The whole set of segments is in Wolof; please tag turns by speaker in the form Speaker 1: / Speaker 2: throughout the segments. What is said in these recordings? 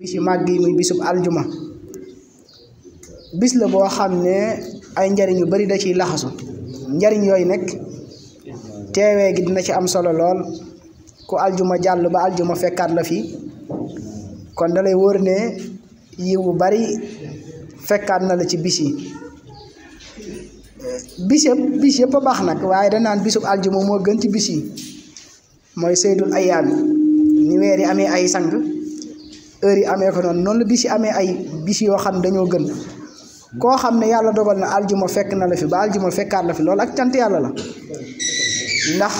Speaker 1: bisu màgg yi muy bisub aljuma bis la boo xam ne ay njariñ yu bari da ciy laxasu njariñ yooyu nekk teewee gi dina ci am solo lool ku aljuma jàll ba aljuma fekkaat la fi kon dalay wóor ne yiw bu bari fekkaat na la ci bis yi bis yëpp bis yëpp baax nag bisub aljuma moo gën ci bis yi mooy seydul ayaam ni weer yi ay sang heure yi amé ko non non la bis amé amee ay bis yo xam dañu gën ko xam yalla dogal na aljuma fekk na la fi ba aljuma fekkat la fi lol ak cant yalla la ndax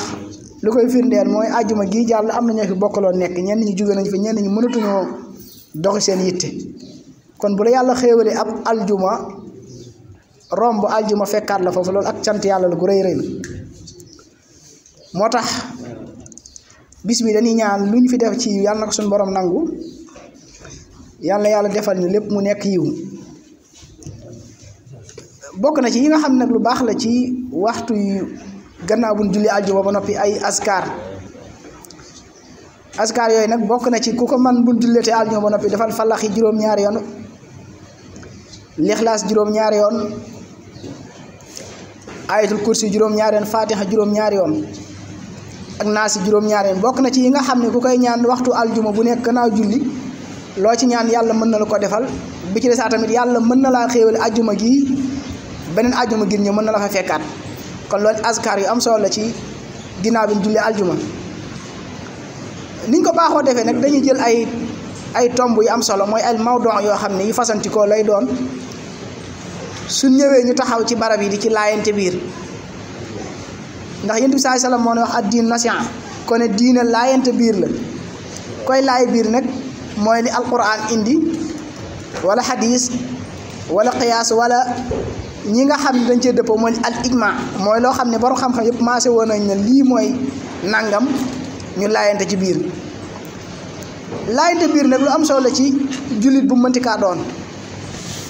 Speaker 1: lu koy firndeel aljuma gi jall am na fi bokkolo nek ñen ñi jugé nañ fi ñen ñi mënatuñoo dox seen yitté kon bu la yalla xéewale ab aljuma rombo aljuma fekkat la fofu lol ak cant yalla la gu reey reey motax bismi ñaan luñ fi def ci yalla ko sun borom nangu yalla yalla defal ñu lepp mu nekk yiw bok na ci yi nga xam nak lu bax la ci waxtu yu gannaaw bu julli aljo ba nopi ay askar askar yoy nak bok na ci kuko man bu jullete aljo ba nopi defal falax yi ñaar yoon l'ikhlas juróom ñaar yoon ayatul kursi juróom ñaar yoon fatiha juróom ñaar yoon ak nasi juróom ñaar yoon bok na ci yi nga xam ne ku koy ñaan waxtu aljuma bu nekk gannaaw julli loo ci ñaan yàlla mën na la ko defal bi ci desaa tamit yàlla mën na laa xéewal ajjuma gii beneen ajjuma gii ñu mën na la fa fekkaat kon loolu askar yu am solo la ci ginnaaw bi ñu jullee niñ ko baaxoo defee nag dañuy jël ay ay tomb yu am solo mooy ay mawdon yoo xam ne yu fasantikoo lay doon su ñëwee ñu taxaw ci barab yi di ci laayante biir ndax yonent bi saa sallam moo ne wax ad diin nasiha kon diine laayante biir la koy laay biir nag mooy li alquran indi wala xadis wala qiyaas wala ñi nga xam ne dañ cee dëppoo mooy al ijma mooy loo xam ne borom xam-xam yëpp maase woon nañ ne lii mooy nangam ñu laayante ci biir laayante biir nag lu am solo ci jullit bu mënti kaa doon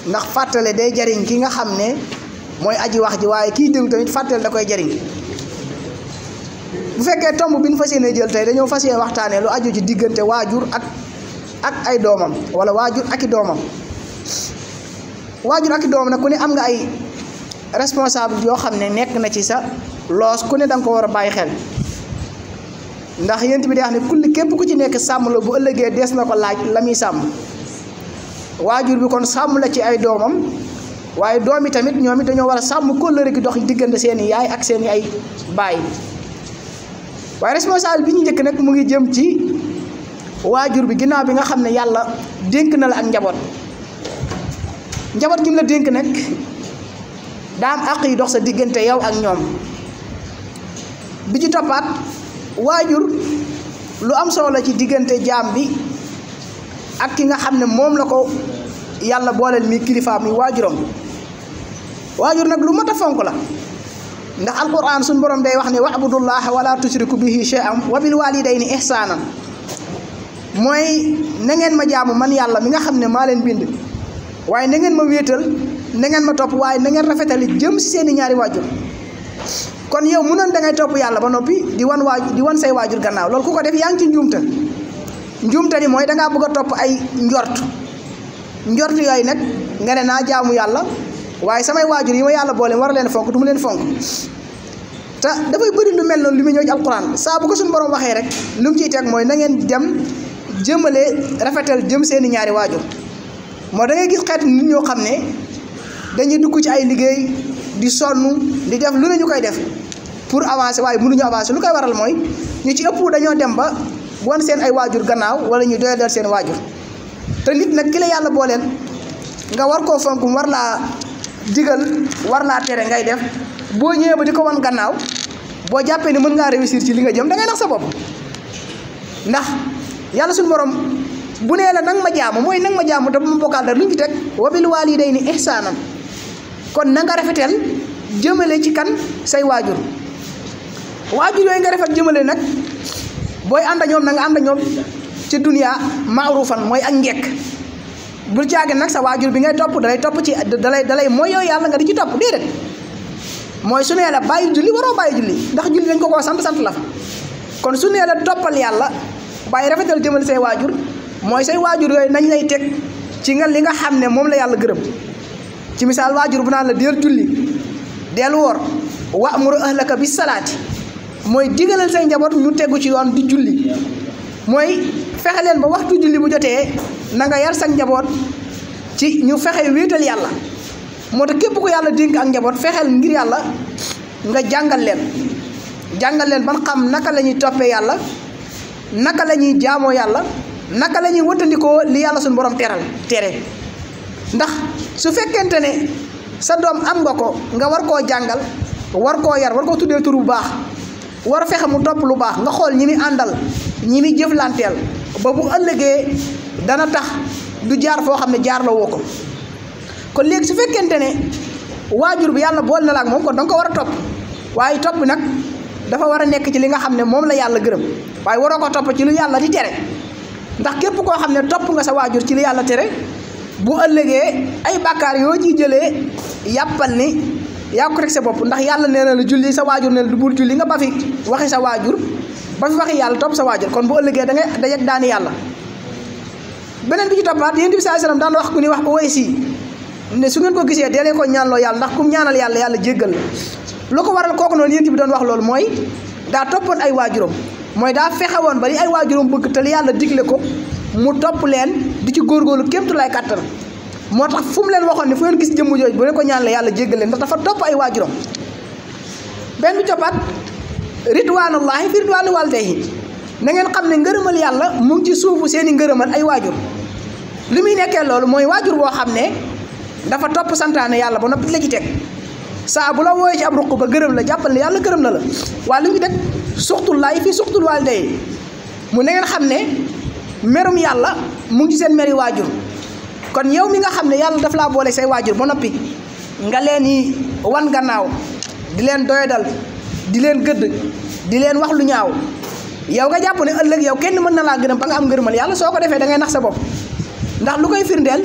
Speaker 1: ndax fàttale day jariñ ki nga xam ne mooy aji wax ji waaye kiy déglu tamit fàttale da koy jariñ bu fekkee tomb bi nu fas ne jël tey dañoo fas waxtaanee lu aju ci diggante waajur ak ak ay domam wala wajur ak domam wajur ak domam nak ku ne am nga ay responsable yo xamne nek na ci sa loss ku ne dang ko wara a xel ndax yent bi di wax ne kul képp ku ci nek sam lo bu ëllëgee dees nako laaj la sam wajur bi kon sam la ci ay domam waye domi tamit ñoom dañu wara sam ko leer gi dox digënd seen yaay ak seen ay baay waye responsable bi ñu jëk nak mu ngi jëm ci waajur bi ginnaaw bi nga xam ne yàlla dénk na la ak njaboot njaboot gi la dénk nag daa am àq yi dox sa diggante yow ak ñoom bi ci toppaat waajur lu am solo la ci diggante jaam bi ak ki nga xam ne moom la ko yàlla booleel mi kilifa mi waajuram waajur nag lu mat a fonk la ndax alquran suñu borom day wax ne wa'budullaha wala tushriku bihi shay'an wa bil walidayni ihsanan Moy na ngeen ma jaamu man yalla mi nga xamne ma leen bind waye na ngeen ma wéetal na ngeen ma top waye na ngeen rafetali jëm si seeni ñaari wajur kon yow mu non da ngay top yalla ba nopi di wan waajur di wan say wajur gannaaw loolu ku ko def yaang ci njumta njumta ni moy da nga bëgg top ay njort njort yoy nak nga ne na jaamu yalla waye samay wajur yi ma yàlla war leen fonk du mu leen fonk da fay bëri lu mel ñoo ci alquran sa bu ko sun borom waxe rek lu mu na ngeen dem jëmale rafetal jëm seeni ñaari waajur moo da gis xeet nit ñoo xam ne dañuy dugg ci ay liggéey di sonn di def lu ne ñu koy def pour avancer waaye mënuñu avancé lu koy waral mooy ñu ci ëpp dañoo dem ba wan seen ay waajur gannaaw wala ñu doyal seen waajur te nit nag ki yàlla boo leen nga war koo fonk war laa digal war laa tere ngay def boo ñëwee ba di ko wan gannaaw boo jàppee ni mën ngaa réussir ci li nga jëm da ngay nax sa bopp yalla sun borom bu ne la nang ma jamm moy nang ma jamm te bu ma bokkaal dara lu ñu ci wa bil walidayni ihsanan kon na nga rafetel jëmele ci kan say wajur wajur yo nga rafet jëmele nak boy ànd ñom anda nyom, nga anda ci dunia ma'rufan moy ak ngek bul caagin nak sa wajur bi ngay top dalay top ci dalay dalay moy yow yalla nga di ci top dedet moy su nee la Juli julli waro bàyyi julli ndax julli dañ ko ko sant sant la kon su la toppal waaye rafetal jëmal say waajur mooy say waajur yooyu nañ lay teg ci nga li nga xam ne moom la yàlla gërëm ci misaal waajur bu naa la deel julli deel woor wa amuru ahlaka bi salaati mooy digalal say njaboot ñu tegu ci yoon di julli mooy fexe leen ba waxtu julli bu jotee na nga yar sa njaboot ci ñu fexe wéetal yàlla moo tax képp ko yàlla dénk ak njaboot fexeel ngir yàlla nga jàngal leen jàngal leen ban xam naka lañuy ñuy toppee yàlla naka lañuy ñuy yalla naka lañuy ñuy li yalla suñu borom teral tere ndax su fekkente ne sa doom am nga ko nga war ko jangal war ko yar war ko tuddé turu bu baax war fexé mu top lu baax nga xol ñimi andal ñimi jëflantel ba bu ëllëgee dana tax du jaar fo xamné jaar la woko kon léegi su fekkente ne wajur bi yalla bol na la ak mom kon dang ko wara top waye top nak dafa wara nek ci li nga xamne mom la yalla gërëm way waroo ko top ci lu yalla di téré ndax képp ko xamne top nga sa wajur ci li yalla téré bu ëllëgé ay bakkar yo ci jëlé yappal ni ya ko rek sa bop ndax yalla nee la julli sa wajur du bul julli nga ba waxi sa wajur ba fi waxi yalla top sa wajur kon bu ëllëgé da ngay dajeg daani yalla benen bi ci toppaat yeen bi saa sallam daan wax ku ni wax ko way si ne su ngeen ko gisee dee leen ko ñaanloo yalla ndax kum ñaanal yalla yalla jéggal Loko waral kooku non yentibi don wax lol moy da topon ay wajurum moy da fexewon bari ay wajurum bëgg te yalla diglé ko mu top len di ci góorgóorlu kemtu lay kàttan motax fum len waxon ni fu ngeen gis jëm jooju bu ne ko ñaan la yalla jéggal len da fa top ay wajurum benn bi coppaat ridwaanullaahi fi na ngeen xamne ne yalla mu ci suufu seen i ay wajur limi nekké lol moy wajur bo xamne da fa top topp yalla bo nopp la ci tek sa bu la wooyee ci am rukku ba gërëm la jappal yalla gërëm na la hamne li def suxtul lay fi suxtul walde mu ne ngeen xamne merum yalla mu ngi seen meri wajur kon yow mi nga xamne yalla daf la bolé say wajur bo nopi nga leen i wan gannaaw di leen doyadal di leen gëdd di leen wax lu ñaaw yow nga japp ne ëllëg yow kenn mën na laa gërëm ba nga am ngërëmal yalla soko défé da ngay nax sa bop ndax lu koy firndel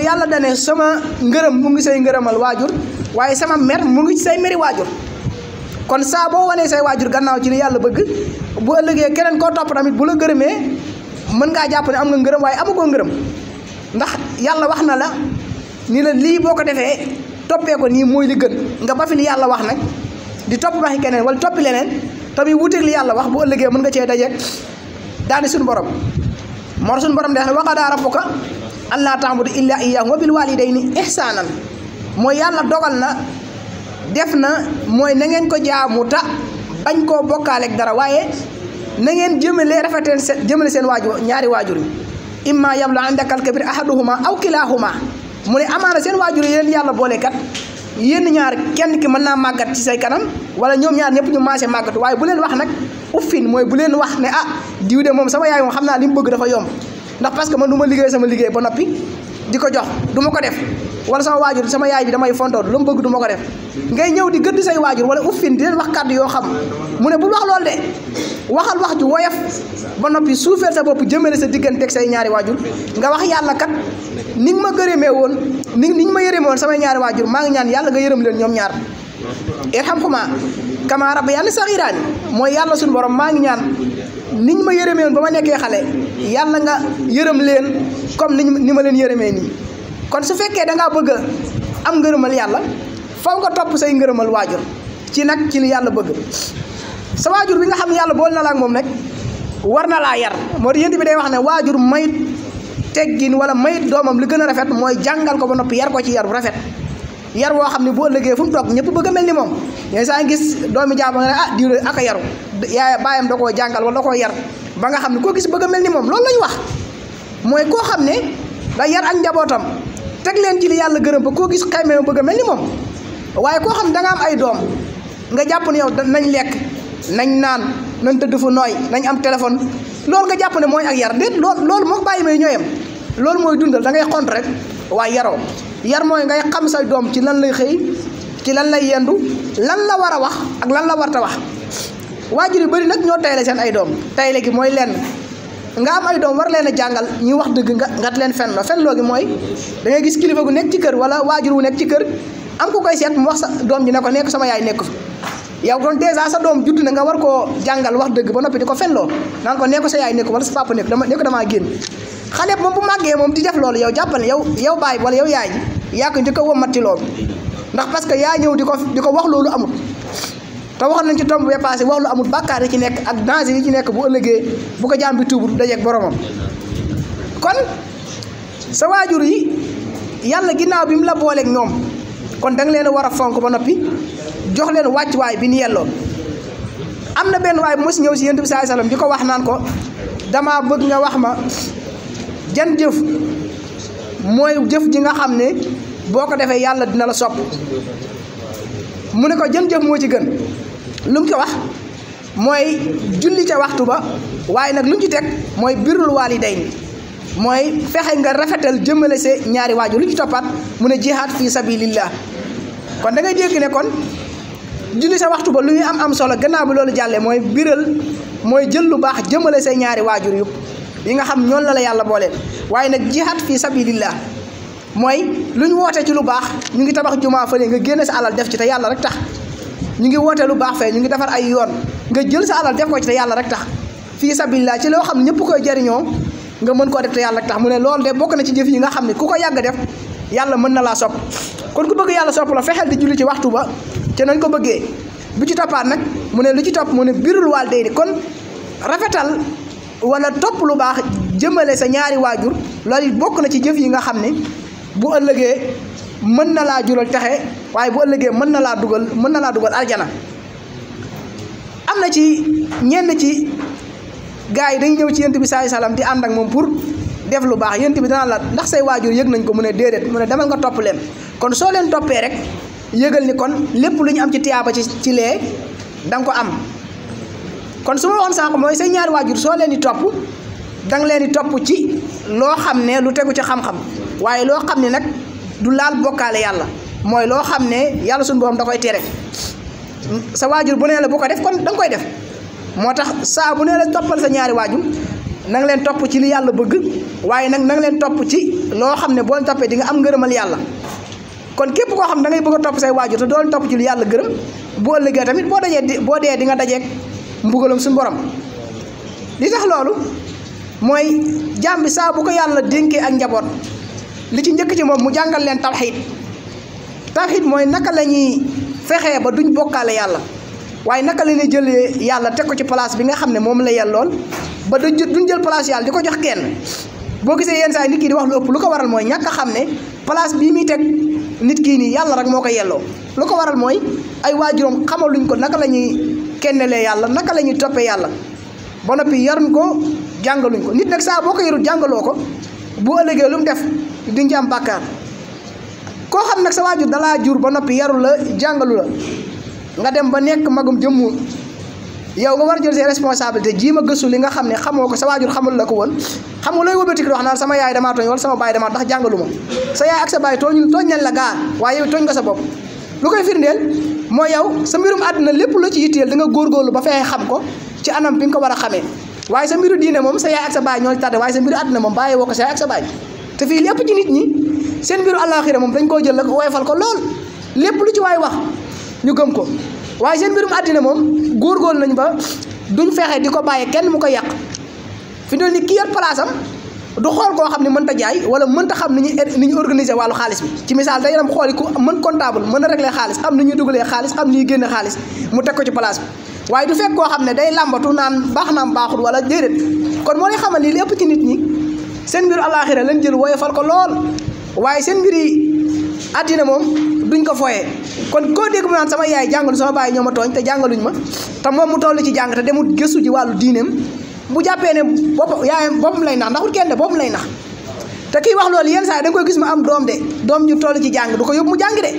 Speaker 1: yalla dane sama ngeureum mu ngi say ngeureumal wajur waaye sama mer mu ngi ci say meri waajur kon saa boo wanee say waajur gannaaw ci li yàlla bëgg bu ëllëgee keneen koo topp tamit bu la gërëmee mën ngaa jàpp ne am nga ngërëm waaye amagoo ngërëm ndax yàlla wax na la ni la lii boo ko defee toppee ko nii mooy li gën nga ba yàlla wax nag di topp waxi keneen wala toppi leneen tamit wuuteeg li yàlla wax bu ëllëgee mën nga cee dajeeg daani suñu borom mor suñu borom de wax ne waqadaa rabbuka allaa ta'budu illaa iyyaahu wa bil waalidayni ihsaanan moy yalla dogal na def na moy na ngeen ko jaamu ta bañ koo ak dara waye na ngeen jëmele rafetal seen jëmale seen waajur ñaari waju yi imma yabla indaka al-kabir ahaduhuma aw kilahuma mune amana amaana seen waajur yi leen yàlla kat yeen ñaar kenn ki mën naa màggat ci say kanam wala ñom ñaar ñëpp ñu maase magat waye bu len wax nak ufin moy bu len wax ne ah diw de mom sama yaay mom xamna lim bëgg dafa yom ndax parce que man duma liggéey sama liggéey ba nopi di jox duma ko def wala sama wajur sama yaay bi damay fontoo lu mu bëgg du ko def ngay ñew di gëdd say wajur wala uffin di leen wax kaddu yo xam mu ne bu wax lol de waxal wax ju woyef ba nopi soufel sa bop jëmale sa ak say ñaari wajur nga wax yalla kat ning nga ma gëremé won ni ni nga ma yërëmee won sama ñaari wajur ma nga ñaan yalla nga yërëm leen ñom ñaar irhamhuma kama rabbiyani saghiran moy yalla sun borom ma nga ñaan ni ma won bama nekké xalé yalla nga yeureum len comme ni ni ma len yeureume ni kon su fekke da nga bëgg am ngeureumal yalla faw nga top say ngeureumal wajur ci nak ci li yalla bëgg sa wajur bi nga xam yalla bol na la ak mom nak war na la yar mo di bi day wax ne wajur may teggin wala may domam li gëna rafet moy jangal ko ba nopi yar ko ci yar rafet yar woo xamni bo fu mu bëgg a mel ñay sa gis doomi jaam nga ah diiru ak a yaay baayam da ko jangal wala da ko yar ba nga xamne ko gis bëgg melni mom ni loolu lañ wax moy ko xamne ne da yar ak njabotam tek leen ci li yalla gëreem ba ko gis xaymee bëgg melni mom waye ko xamne da nga am ay doom nga japp ne yow nañ lekk nañ naan nañ tëdd fu noy nañ am téléphone loolu nga japp ne moy ak yar déet lool loolu mo bàyyi may ñoyam loolu moy dundal da ngay xont rek waaye yaro yar moy ngay xam sa doom ci lan lay xey ci lan lay yendu lan la wara wax ak lan la warta wax waajur bari nak nag ñoo tayle sen ay dom tayle gi moy len nga am ay dom war len jangal, ñi wax deug nga ngat len fen lo fen lo gi moy da ngay gis kilifa gu nek ci kër wala waajur wu nekk ci kër am ko koy set mu wax dom ji ne ko nek sama yaay nek fi yow kon déjà sa dom judd na nga war ko jangal wax deug ba nopi diko fen lo naan ko nek sa yaay nek wala sa papa nek dama nek dama genn xale mom bu magge mom di def loolu yow jappal yow yow wala yow yaay ya ko njëkk a womati loolu ndax parce que yaa ñew di ko wax loolu amul te waxoon nañ ci tomb bee passé wax lu amul bàkkaar yi ci nekk ak danger yi ci nekk bu ëllëgee bu ko jaam bi tuubul dajeeg boromam kon sa waajur yi yàlla ginnaaw bi mu la booleeg ñoom kon da leen a war a fonk ba noppi jox leen wàccuwaay bi nu yelloo am na benn waay bu ma si ñëw si yonent bi sallallahu alayhi wasallam di ko wax naan ko dama bëgg nga wax ma jan jëf mooy jëf ji nga xam ne boo ko defee yàlla dina la sopp mu ne ko jën jëf moo ci gën lu mu ci wax mooy julli ca waxtu ba waaye nag lu ñu ci teg mooy yi waalidayni mooy fexe nga rafetal jëmale see ñaari waajur lu ñu ci toppaat mu ne jihaad fii sabilillah kon da ngay dégg ne kon julli sa waxtu ba lu ñu am am solo gannaaw bi loolu jàllee mooy biral mooy jël lu baax jëmale see ñaari waajur yëpp yi nga xam ñoon la la yàlla booleel waaye nag jihaad fii sabilillah mooy lu ñu wootee ci lu baax ñu ngi tabax jumaa fële nga génne sa alal def ci te yàlla rek tax ñu ngi wootee lu baax fee ñu ngi defar ay yoon nga jël sa alal def ko ci te yàlla rek tax fii sabilillah ci loo xam ne ñëpp koy jëriñoo nga mën koo def te yàlla rek tax mu ne loolu de bokk na ci jëf yi nga xam ne ku ko yàgg def yàlla mën na laa sopp kon ku bëgg yàlla sopp la fexeel di julli ci waxtu ba te nañ ko bëggee bu ci toppaat nag mu ne lu ci topp mu ne birul waal day di kon rafetal wala topp lu baax jëmale sa ñaari waajur loolu bokk na ci jëf yi nga xam ne bu ëllëgee mën na la jural taxé waye bu ëllëgé mën na la duggal mën na la duggal aljana amna ci ñenn ci gaay dañ ñëw ci yent sallallahu alayhi wasallam di ànd ak moom pour def lu baax yent dana la ndax say wajur yëg nañ ko mu ne déedéet mu nga top leen kon so leen topé rek yëgal ni kon lepp lu am ci tiyaba ci ci lé dang ko am kon suma won waxoon moy say ñaar wajur so leen di top dang leen di top ci lo lu tegu ci xam-xam waye lo ne du lal bokale yalla moy lo xamne ne sun borom da koy téré sa wajur bu neela bu ko def kon dang koy def motax sa bu neela topal sa ñaari wajur nang leen top ci li yalla bëgg waye nak nang leen top ci lo xamne ne boo leen toppee di nga am ngeureumal yalla kon képp ko xamne ne da ngay bëgg top say wajur te doo leen ci li yalla gëreum bo ëllëgee tamit bo dajé di dé di nga dajé mbugalum sun borom li tax lolu moy jambi sa bu ko yalla denké ak njabot li ci njëkk ci moom mu jàngal leen tawxiid tawxiid mooy naka la ñuy fexee ba duñ bokkaale yàlla waaye naka la ñuy jëlee yàlla teg ko ci place bi nga xam ne moom la yellool ba duñ duñ jël place yàlla di ko jox kenn boo gisee yenn saa yi nit kii di wax lu ëpp lu ko waral mooy ñàkk xam ne place bii muy teg nit kii nii yàlla rek moo ko yelloo lu ko waral mooy ay waajuram xamaluñ ko naka la ñuy kennelee yàlla naka la ñuy toppee yàlla ba noppi yaruñ ko jàngaluñ ko nit nag saa boo ko yarul jàngaloo ko bu ëllëgee lu mu def di nga ci am bàkkaar koo xam nak sa waajur dalaa jur ba nopi yaru la jangalu la nga dem ba nek magum jëm yow nga war jël ses responsabilité jii ma li nga ne sa waajur xamul la ko won xamul lay looy wëlbati wax na sama yaay dama toñ wala sama baye dama tax jangaluma sa yaay ak sa baye toñ tooñ nañ la gaa waye toñ nga sa bop lu koy firndel mo yow sa mbirum aduna lepp lu ci yittel da nga góorgóorlu ba fay xam ko ci anam bi nga wara waye sa mbiru diine mom sa yaay ak sa baye ñoo ci tardé sa mbiru aduna mom baye woko sa yaay ak sa baye te fii lépp ci nit ñi seen mbiru àllaaxira moom dañ koo jël nag woyofal ko lool lépp lu ci waaye wax ñu gëm ko waaye seen mbirum àddina moom góor góorgóorlu nañ ba duñ fexe di ko bàyyi kenn mu ko yàq fi doon ni kii yor palaasam du xool koo xam ne mënta jaay wala mënta xam ni ñu er-, ni ñu organiser wàllu xaalis bi ci misaal day dem xooli ku mën comptable mën a régler xaalis xam ni ñuy dugalee xaalis xam ni ñuy génne xaalis mu teg ko ci place bi waaye du fekk koo xam ne day làmbatu naan baax naam baaxul wala déedéet kon moo lay xamal ni lépp ci nit ñi seen mbiru àllaaxira lañ jël fal ko lool waaye seen mbiri àddina moom duñ ko fooye kon koo dégg mu naan sama yaay jàngalu sama baay ñoo ma tooñ te jàngaluñ ma te moom mu toll ci jàng demul gëstu ji wàllu diineem bu jàppee ne bopp yaayam boppam lay nax ndaxul kenn de boppam lay nax te kiy wax loolu yenn saa da nga gis mu am doom de doom ñu toll ci jàng du ko yóbbu mu jàng de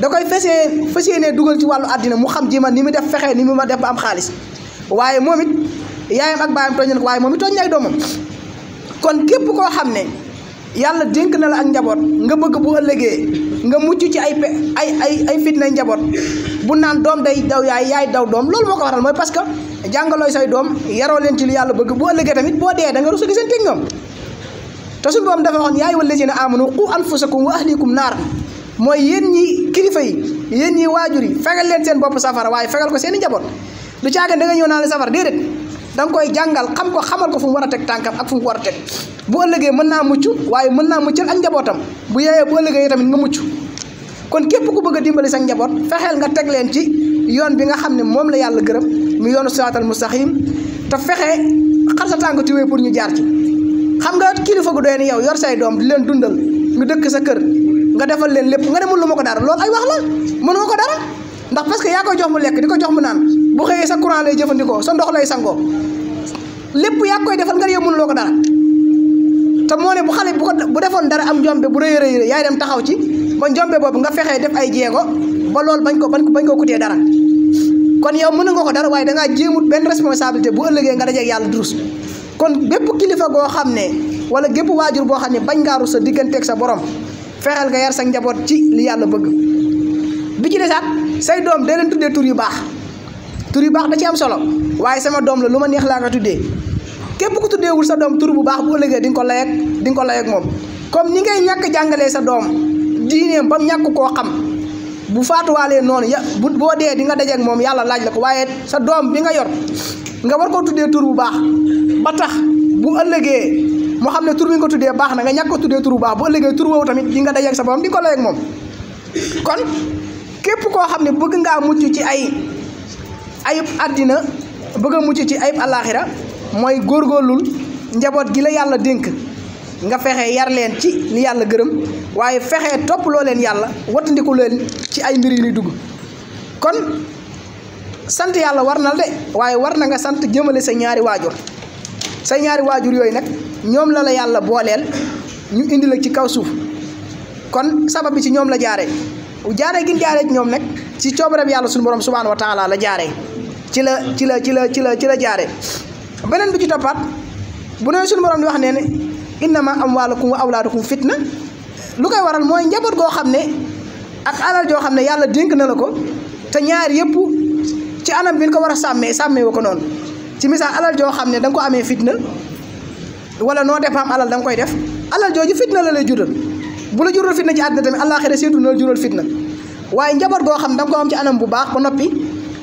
Speaker 1: da koy fesee fesee ne dugal ci wàllu àddina mu xam ji ma ni mu def fexe ni mu ma def ba am xaalis waaye moom it yaayam ak baayam tooñ na waaye moom it tooñ na ay doomam kon képp koo xam ne yàlla dénk na la ak njaboot nga bëgg bu ëllëgee nga mucc ci ay pe ay ay ay fitna njaboot bu naan doom day daw yaay yaay daw doom loolu moo ko waral mooy parce que jàngalooy say doom yaroo leen ci lu yàlla bëgg bu ëllëgee tamit boo dee da nga rusa gisante ak ñoom te suñu boom dafa waxoon yaa ayyuhal lazina aamanu qu anfusakum wa ahlikum naar mooy yéen ñi kilifa yi yéen ñi waajur yi fegal leen seen bopp safara waaye fegal ko seen i njaboot du caagan da nga ñëw naa la safara da nga koy jàngal xam ko xamal ko fu mu war a teg tànkam ak fu mu war a teg bu ëllëgee mën naa mucc waaye mën naa muccal ak njabootam bu yeeyee bu ëllëgee tamit nga mucc kon képp ku bëgg a dimbali sax njaboot fexeel nga teg leen ci yoon bi nga xam ne moom la yàlla gërëm mu yoonu siraatal mustaqim te fexe xar sa tànk tuwee pour ñu jaar ci xam nga kilifa gu doy ni yow yor say doom di leen dundal ñu dëkk sa kër nga defal leen lépp nga ne mënuloo ma ko dara loolu ay ndax parce que ya ko jox mu lek diko ko jox mu nan bu xeye sa courant lay jëfandikoo sa ndox lay sango lepp ya koy defal nga yow mënuloo ko dara ta mo ne bu xale bu ko bu defon dara am jombe bu rëy rëy yaay dem taxaw ci ba jombe bobu nga fexé def ay jéego ba lol bañ ko bañ ko bañ ko kuté dara kon yow mën nga ko dara da nga ben responsabilité bu nga ak yalla durus kon bépp kilifa go xamné wala gep wajur boo xamné bañ nga ngaaru sa ak sa borom fexal nga yar sa njabot ci li yalla bëgg bi ci say doom dee leen tuddee tur yu baax tur yu baax da ci am solo waaye sama doom la lu ma neex laa ko tuddee képp ku tuddeewul sa doom tur bu baax bu ëllëgee di nga ko layeeg di ko layeeg moom comme ni ngay ñàkk jàngalee sa doom diineem ba mu ñàkk koo xam bu faatuwaalee noonu ya bu boo dee di nga dajeeg moom yàlla laaj la ko waaye sa doom bi nga yor nga war koo tuddee tur bu baax ba tax bu ëllëgee moo xam ne tur bi nga ko tuddee baax na nga ñàkk ko tuddee tur bu baax bu ëllëgee tur woowu tamit di nga dajeeg sa borom di ko layeeg moom kon képp ko xam bëgg nga muccu ci ay ayub adina bëgg muccu mucc ci ayib àllaaxira mooy góorgóorlul njabot gi la yalla denk nga fexé yar len ci ni yalla gërëm waye fexé top lo len yalla watandiku len ci ay mbir yu dugg kon sant yalla warnal de waye warna nga sant jëmele sa ñaari wajur sa ñaari wajur yoy nak ñom la la yalla bolel ñu indi la ci kaw kon sabab ci ñom la jaaree gin jaaree ak ñoom nag ci coobareem yàlla suñu borom subhaanahu wa taala la jaaree ci la ci la ci la ci la ci la jaaree beneen bi ci toppaat bu nee suñu borom di wax nee am ne innama amwaalukum wa awlaadukum fitna lu koy waral mooy njaboot goo xam ne ak alal joo xam ne yàlla dénk na la ko te ñaar yëpp ci anam bi ko war a sàmmee sàmmee wu ko noonu ci misaal alal joo xam ne da ko amee fitna wala noo depaam alal da nga koy def alal jooju fitna la lay jural bu la jural fitna ci àddina tamit àllaaxira seetu na la jural fitna waaye njaboot goo xam da nga ko am ci anam bu baax ba noppi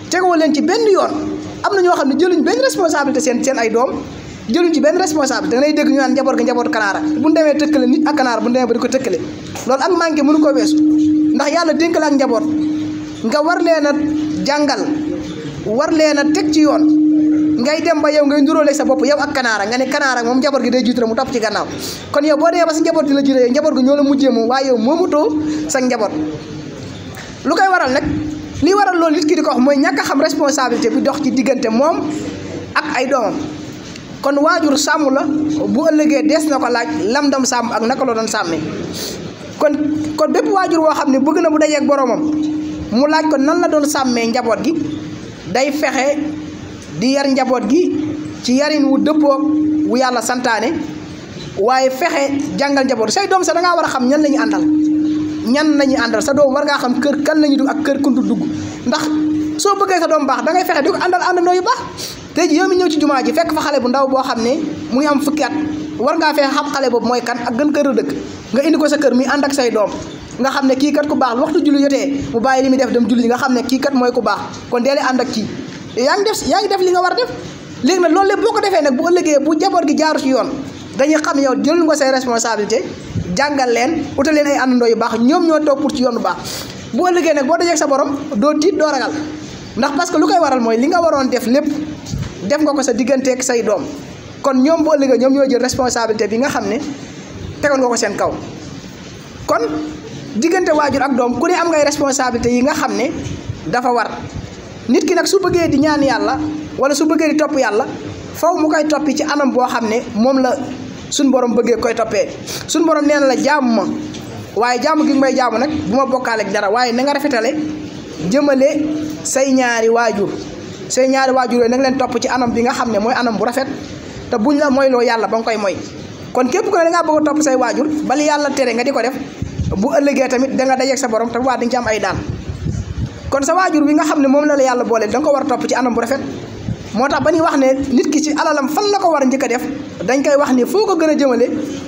Speaker 1: tegoo leen ci benn yoon am na ñoo xam ne jëluñ benn responsabilité seen seen ay doom jëluñ ci benn responsabilité da ngay dégg ñu naan njaboot ga njaboot kanaara bu ñu demee tëkkale nit ak kanaar bu ñu demee ba di ko tëkkale loolu ak manqué mënu ko weesu ndax yàlla dénk la ak njaboot nga war leen a jàngal war leen a teg ci yoon ngay dem ba yow ngay nduróole sa bop yow ak kanara nga ne kanara mom jabar gi day jiitu mu top ci gannaaw kon yow bo demee ba sa njaboot di la jire yow gu ñoo la mujjé mu waaye yow moomutoo sa njaboot lu koy waral nak li waral lool nit ki di wax moy ñaka xam responsabilité bi dox ci digënté mom ak ay doom kon wajur sàmm la bu ëllëgee dess nako laaj lam dam sam ak naka la kon kon bépp wajur wo xamni bëgg na bu ak boromam mu laaj ko nan la don sammé njabot gi day fexé di yar njabot gi ci yarin wu dëppoog wu yalla santane waye fexé jangal njabot say dom sa da nga wara xam ñan lañu andal ñan lañu andal sa dom war nga xam kër kan lañu dug ak kër kuntu dug ndax so bëggee sa dom bax da ngay fexé dug andal and no yu bax tey ji yow mi ci juma ji fekk fa xalé bu ndaw bo xamné mu ngi am fukki at war nga fexe xam xalé bob moy kan ak gën kër dëkk nga indi ko sa kër mi and ak say dom nga xam ne kat ku bax waxtu julli jotee mu bayyi limi def dem julli nga xam ne kat moy ku bax kon and ak yaa ngi def yaa ngi li nga war def léegi nag loolu lépp boo ko defee nag bu ëllëgee bu njaboot gi jaaru ci yoon dañuy xam yow jëlal nga say responsabilité jàngal leen utal leen ay àndandoo yu baax ñoom ñoo toog pour ci yoon bu baax boo ëllëgee nag boo dajee sa borom doo tiit doo ragal ndax parce que lu koy waral mooy li nga waroon def lépp def nga ko sa ak say doom kon ñoom bu ëllëgee ñoom ñoo jël responsabilité bi nga xam ne tegoon nga ko seen kaw kon diggante waajur ak doom ku ne am ngay responsabilité yi nga xam ne dafa war nit ki nak su bëggee di ñaan yàlla wala su bëggee di topp yàlla faw mu koy toppi ci anam boo xam ne moom la suñ borom bëggee koy toppee suñ borom nee na la jaamu ma waaye jaamu gi may jaamu nag bu ma bokkaaleeg dara waaye na nga rafetale jëmale say ñaari waajur say ñaari waajur yooyu na leen topp ci anam bi nga xam ne mooy anam bu rafet te buñ la moyloo yàlla ba nga koy moy kon képp ku ne da ngaa bëgg a topp say waajur bali yàlla tere nga di ko def bu ëllëgee tamit da nga dajeeg sa borom te waa di nga ci am ay daan kon sa waajur wi nga xam ne moom la la yàlla boole da nga ko war a topp ci anam bu rafet moo tax ba ñuy wax ne nit ki ci alalam fan la ko war a njëkk def dañ koy wax ne foo ko gën a jëmale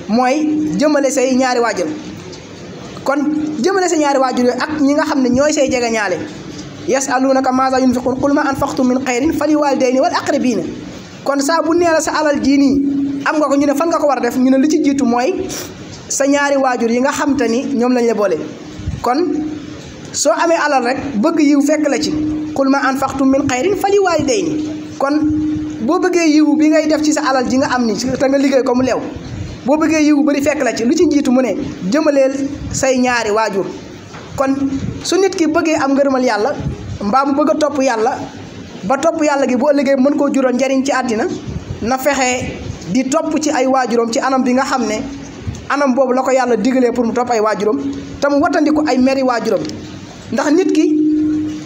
Speaker 1: mooy jëmale say ñaari waajur kon jëmale sa ñaari waajur yooyu ak ñi nga xam ne ñooy say jege ñaale yasaluunaka maasa yunfiqun qul ma anfaqtum min xayrin fali walidayni wal aqrabina kon saa bu nee sa alal jii nii am nga ko ñu ne fan nga ko war a def ñu ne li ci jiitu mooy sa ñaari waajur yi nga xam te ni ñoom lañ la boole kon so amé alal rek bëgg yiw fekk la ci qul ma anfaqtum min khairin fali li kon bo bëggé yiw bi ngay def ci sa alal ji nga am ni ta nga liggéey ko mu leew yiw bari fekk la ci lu ci jitu mu né jëmaleel say ñaari wajur kon su nit ki bëggé am ngeerumal yalla mbaam bëgg top yalla ba top yalla gi bo liggéey mën ko jural njariñ ci adina na fexé di top ci ay wajurom ci anam bi nga xamné anam bobu lako yalla yàlla pour mu top ay wajurom tam watandiko ay meri wajurom ndax nit ki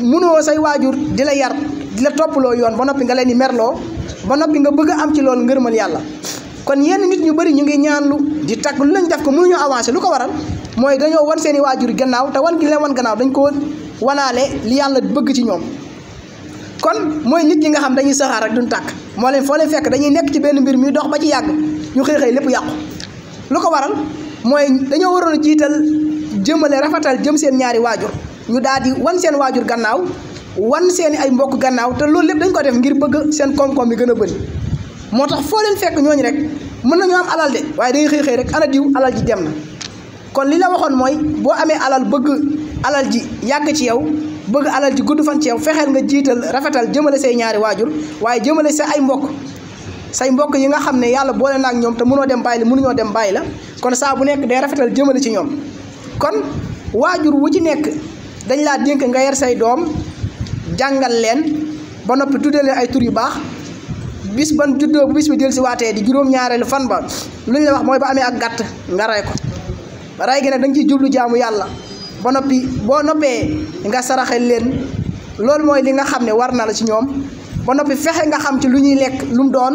Speaker 1: mënoo say waajur di la yar di la toppaloo yoon ba noppi nga leen di merloo ba noppi nga bëgg am ci loolu ngërmal yàlla kon yenn nit ñu bëri ñu ngi ñaanlu di takk lu lañ def ko mënuñu avancé lu ko waral mooy dañoo wan seen i te wan gi leen wan gannaaw dañ ko wanaale li yàlla bëgg ci ñoom kon mooy nit ñi nga xam dañuy saxaar rek duñ tàkk moo leen foo leen fekk dañuy nekk ci benn mbir mi dox ba ci yàgg ñu xëy lépp yàqu lu ko waral mooy dañoo waroon a jiital jëmale rafetal jëm seen ñaari waajur ñu daal di wan seen waajur gannaaw wan seen ay mbokk gannaaw te loolu lépp dañ ko def ngir bëgg seen koom-koom bi gën a bëri moo tax foo leen fekk ñooñu rek mën nañu am alal de waaye dañuy xëy xëy rek ana diw alal ji dem na kon li la waxoon mooy boo amee alal bëgg alal ji yàgg ci yow bëgg alal ji gudd fan ci yow fexeel nga jiital rafetal jëmale say ñaari waajur waaye jëmale sa ay mbokk say mbokk yi nga xam ne yàlla boole na ak ñoom te mënoo dem bàyyi la mënuñoo dem bàyyi la kon saa bu nekk day rafetal jëmale ci ñoom kon wu ci nekk dañ laa dénk nga yar say doom jàngal leen ba noppi tuddee leen ay tur yu baax bis ban juddoo bu bis bi dellu si waatee di juróom-ñaareelu fan ba lu ñu la wax mooy ba amee ak gàtt nga rey ko rey gi nag dañ ciy jublu jaamu yàlla ba noppi boo noppee nga saraxe leen loolu mooy li nga xam ne war na la ci ñoom ba noppi fexe nga xam ci lu ñuy lekk lu mu doon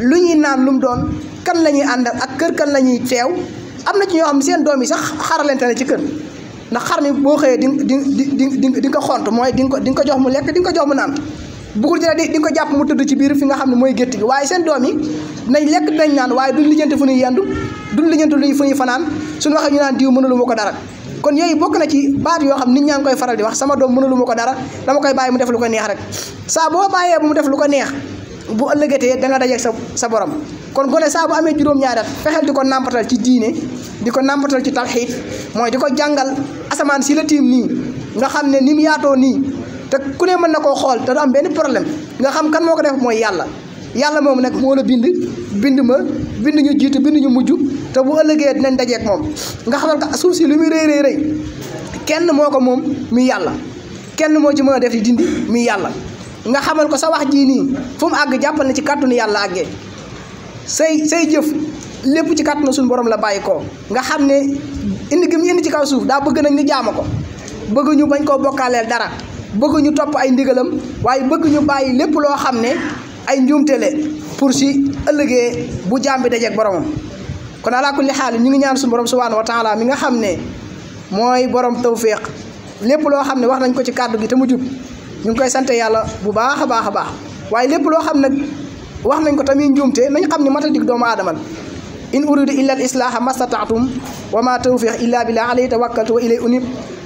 Speaker 1: lu ñuy naan lu mu doon kan la ñuy àndal ak kër kan la ñuy teew am na ci ñoo xam ne seen doom yi sax xaralante na ci kër ndax xar mi boo xëyee di di di di di nga ko xont mooy di ko di nga ko jox mu lekk di nga ko jox mu naan bugul dina di di nga ko jàpp mu tëdd ci biir fi nga xam ne mooy gétt gi waaye seen doom yi nañ lekk dinañ naan waaye duñ lijante fu ñuy yendu duñ lijjanti lu fu ñuy fanaan suñu waxee ñu naan diw mënulu ma ko dara kon yooyu bokk na ci baat yoo xam nit ñaa ngi koy faral di wax sama doom mënulu ma ko dara dama koy bàyyi mu def lu ko neex rek saa boo bàyyee bu mu def lu ko neex bu ëllëgatee da nga dajeeg sa sa borom kon gone sa bu amé juroom ñaari fexel diko di ci diiné di nampatal ci tawhid moy di jangal asaman si la tim ni nga nim yaato ni mu te ku ne mëna ko xol xool do am benn problème nga xam kan moko def moy yalla yalla mom nak mo la bind bind ma bind ñu jiitu bind ñu mujj te bu ëllëgee dinañ ak mom nga xamal ka suuf si lu mi rëy ken rëy kenn moko mom mi yalla kenn mo ci mëna def di dindi mi yalla nga xamal ko sa wax ji ni fum ag jappal jàppal na ci kàttanu yalla agge sey sey jëf lepp ci kàttanu sun borom la bayiko ko nga xamne indi gem yenn ci kaw suuf da bëgg nañ ni jaamako ko bëgg ñu bañ ko bokkaaleel dara bëgg ñu top ay ndigeelam waye bëgg ñu bayyi lepp lo xamne ne ay njuumtele pour ci ëllëgé bu jambi dajé ak borom kon ala kulli hal ñu ngi ñaan sun borom subhanahu wa taala mi nga xamne moy borom tawfiq lepp lo xamne wax nañ ko ci kàddu gi te mu jup ñu ngi koy sant yàlla bu baax a baax a baax waaye lépp loo xam nag wax nañ ko tamit njuumte nañ xam ne matadik doomu aadama in uridu illa al islaaha mastataatum wa ma tawfiq illa billah alayhi tawakkaltu wa ilay unib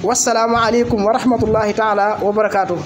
Speaker 1: wasalaamu aleykum wa rahmatullahi taala wa barakaatu.